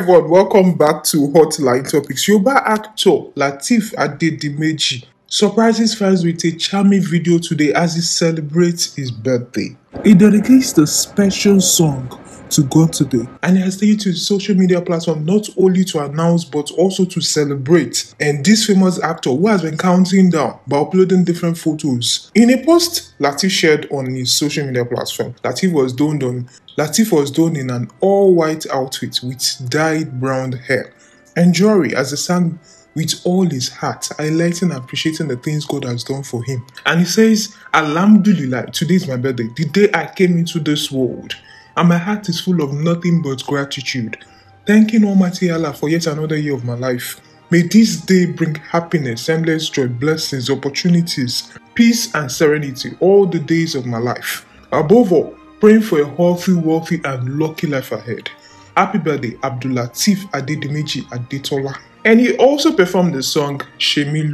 everyone, welcome back to Hotline Topics. Yoba actor Latif Adedimeji surprises fans with a charming video today as he celebrates his birthday. He dedicates the special song to God today. And he has taken to social media platform not only to announce but also to celebrate. And this famous actor who has been counting down by uploading different photos. In a post Latif shared on his social media platform, Latif was donned on Latif was donned in an all-white outfit with dyed brown hair. And Jory, as the sang with all his heart, highlighting and appreciating the things God has done for him. And he says, Alhamdulillah, today is my birthday, the day I came into this world and my heart is full of nothing but gratitude, thanking Almighty Allah for yet another year of my life. May this day bring happiness, endless joy, blessings, opportunities, peace, and serenity all the days of my life. Above all, praying for a healthy, wealthy, and lucky life ahead. Happy birthday, Abdulatif Adedimeji Adetola. And he also performed the song Shemi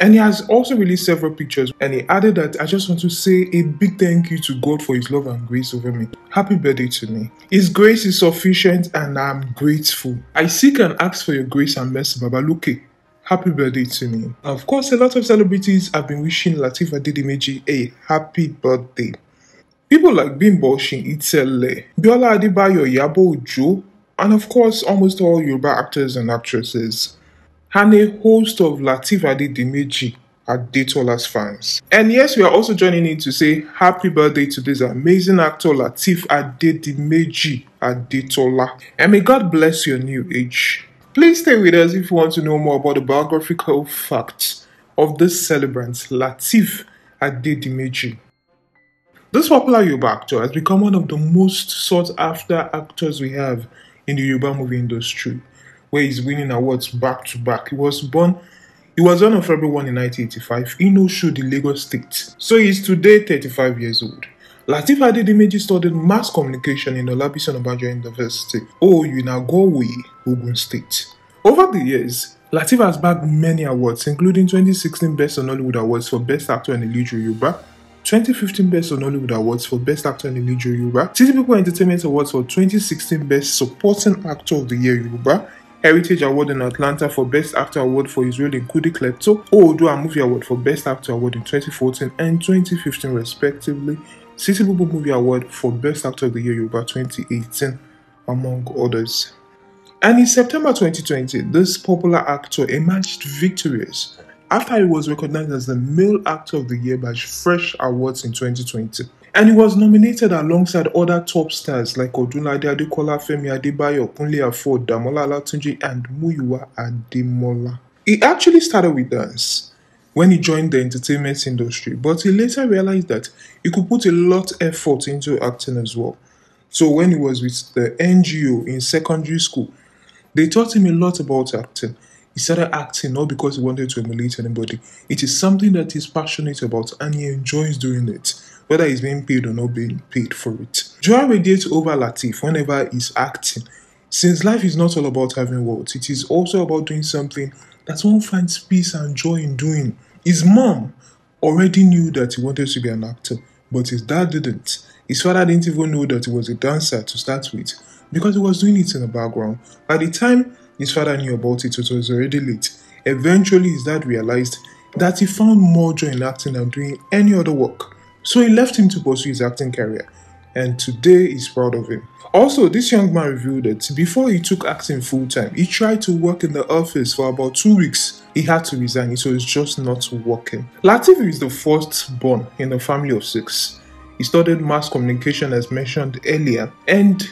and he has also released several pictures. And he added that I just want to say a big thank you to God for his love and grace over me. Happy birthday to me. His grace is sufficient and I'm grateful. I seek and ask for your grace and mercy, Baba Luke. Happy birthday to me. Of course, a lot of celebrities have been wishing Latifa Didimeji a happy birthday. People like Bimbo Shin Itele, Biola Adibayo Yabo Ojo, and of course, almost all Yoruba actors and actresses and a host of Latif Adedimeji at Datola's fans. And yes, we are also joining in to say happy birthday to this amazing actor Latif Adedimeji at Datola. And may God bless your new age. Please stay with us if you want to know more about the biographical facts of this celebrant, Latif Adedimeji. This popular Yoruba actor has become one of the most sought after actors we have in the Yoruba movie industry where he's winning awards back to back. He was born he was born on February 1 in 1985 in Oshodi, Lagos State. So he's today 35 years old. Latif Adedimeji studied mass communication in Olabisi Obasanjo University, OU in Agowe, Ogun State. Over the years, Latif has bagged many awards, including 2016 Best on Hollywood Awards for Best Actor in Iliju Yoruba, 2015 Best on Hollywood Awards for Best Actor in Lead Yoruba, City People Entertainment Awards for 2016 Best Supporting Actor of the Year Yoruba, Heritage Award in Atlanta for Best Actor Award for his role in Kudi Klepto, Oodua Movie Award for Best Actor Award in 2014 and 2015 respectively, City Movie Award for Best Actor of the Year Yoruba 2018, among others. And in September 2020, this popular actor emerged victorious after he was recognized as the Male Actor of the Year by Fresh Awards in 2020. And he was nominated alongside other top stars like Odunlade Adekola, Femi Adebayo, Kunle Afod, Damola Alatunji, and Muyua Ademola. He actually started with dance when he joined the entertainment industry, but he later realized that he could put a lot of effort into acting as well. So when he was with the NGO in secondary school, they taught him a lot about acting he started acting not because he wanted to emulate anybody. It is something that he's passionate about and he enjoys doing it, whether he's being paid or not being paid for it. Joy radiates over Latif whenever he's acting. Since life is not all about having words, it is also about doing something that one finds peace and joy in doing. His mom already knew that he wanted to be an actor, but his dad didn't. His father didn't even know that he was a dancer to start with because he was doing it in the background. By the time his father knew about it, so it was already late. Eventually, his dad realized that he found more joy in acting than doing any other work, so he left him to pursue his acting career. And today, he's proud of him. Also, this young man revealed that before he took acting full time, he tried to work in the office for about two weeks. He had to resign, so it's just not working. Latif is the first-born in a family of six. He studied mass communication as mentioned earlier, and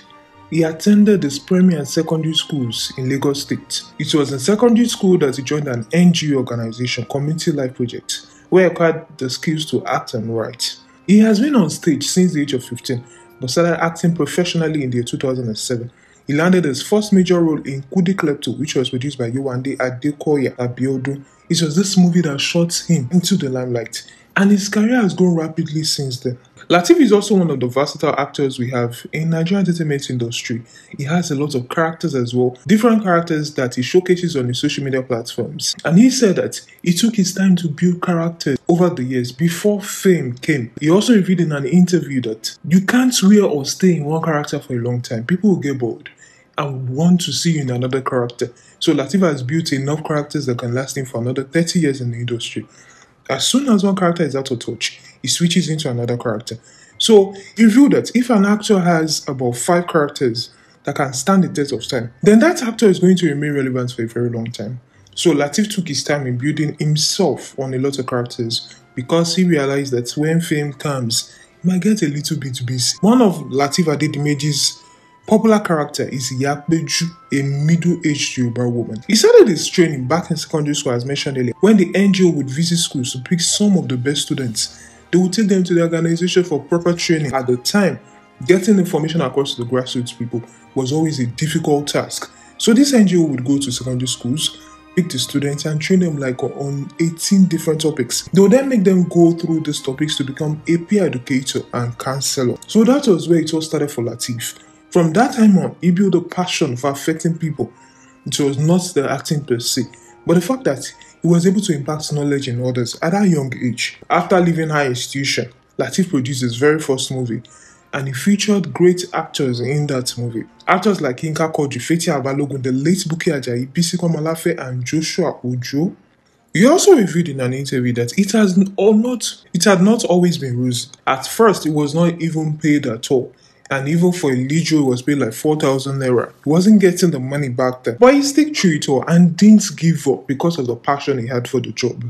he attended his primary and secondary schools in Lagos State. It was in secondary school that he joined an NGO organization, Community Life Project, where he acquired the skills to act and write. He has been on stage since the age of 15, but started acting professionally in the year 2007. He landed his first major role in Kudi Klepto, which was produced by Yowande Adekoya Abiodun. It was this movie that shot him into the limelight and his career has grown rapidly since then. Latif is also one of the versatile actors we have in Nigerian entertainment industry. He has a lot of characters as well, different characters that he showcases on his social media platforms. And he said that he took his time to build characters over the years before fame came. He also revealed in an interview that you can't wear or stay in one character for a long time. People will get bored and want to see you in another character. So Latif has built enough characters that can last him for another 30 years in the industry as soon as one character is out of touch, he switches into another character. So you view that if an actor has about five characters that can stand the test of time, then that actor is going to remain relevant for a very long time. So Latif took his time in building himself on a lot of characters because he realized that when fame comes, he might get a little bit busy. One of Latif Adedimeji's popular character is Yapeju, a middle-aged Yoruba woman. He started his training back in secondary school as mentioned earlier, when the NGO would visit schools to pick some of the best students. They would take them to the organization for proper training. At the time, getting information across to the grassroots people was always a difficult task. So this NGO would go to secondary schools, pick the students and train them like on 18 different topics. They would then make them go through these topics to become a peer educator and counselor. So that was where it all started for Latif. From that time on, he built a passion for affecting people. It was not the acting per se, but the fact that he was able to impart knowledge in others at a young age. After leaving high institution, Latif produced his very first movie, and he featured great actors in that movie. Actors like Inka Kodri, Feti Abalogun, the late Buki Ajayi, Bisi Komalafe, and Joshua Ojo. He also revealed in an interview that it has or not it had not always been rose. At first, it was not even paid at all and even for a Lijo, he was paid like 4,000 naira. He wasn't getting the money back then, but he stuck to it all and didn't give up because of the passion he had for the job.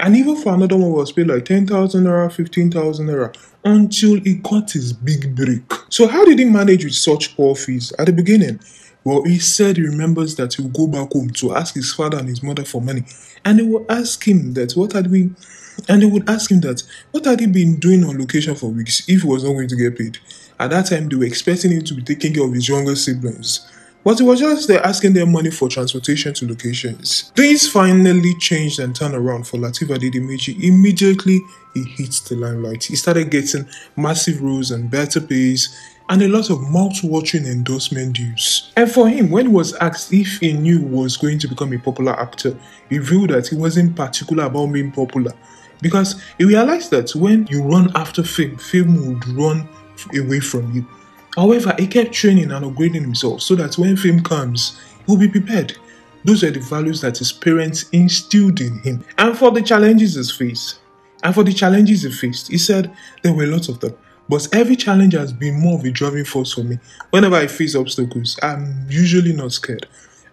And even for another one, it was paid like 10,000 naira, 15,000 naira until he got his big break. So, how did he manage with such poor fees at the beginning? Well, he said he remembers that he would go back home to ask his father and his mother for money, and they will ask him that what had been. We and they would ask him that, what had he been doing on location for weeks if he was not going to get paid? At that time, they were expecting him to be taking care of his younger siblings. But he was just there asking them money for transportation to locations. Things finally changed and turned around for Latifa Didimichi. Immediately, he hits the limelight. He started getting massive roles and better pays and a lot of mouth-watering endorsement deals. And for him, when he was asked if he knew he was going to become a popular actor, he revealed that he wasn't particular about being popular because he realized that when you run after fame, fame would run away from you. However, he kept training and upgrading himself so that when fame comes, he will be prepared. Those are the values that his parents instilled in him. And for the challenges he faced, and for the challenges he faced, he said there were lots of them. But every challenge has been more of a driving force for me. Whenever I face obstacles, I'm usually not scared.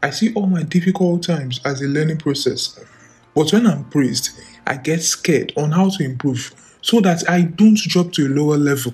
I see all my difficult times as a learning process. But when I'm praised, I get scared on how to improve so that I don't drop to a lower level.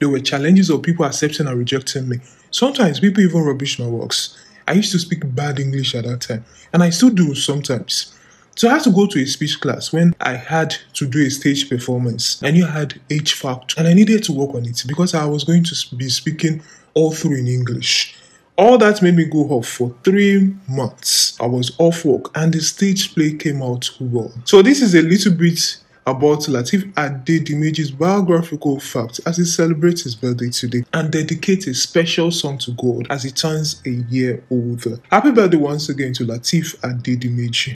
There were challenges of people accepting and rejecting me. Sometimes people even rubbish my works. I used to speak bad English at that time, and I still do sometimes. So I had to go to a speech class when I had to do a stage performance. I knew I had H factor, and I needed to work on it because I was going to be speaking all through in English. All that made me go off for three months. I was off work and the stage play came out well. So this is a little bit about Latif Adedimeji's biographical facts as he celebrates his birthday today and dedicates a special song to God as he turns a year older. Happy birthday once again to Latif Adedimeji.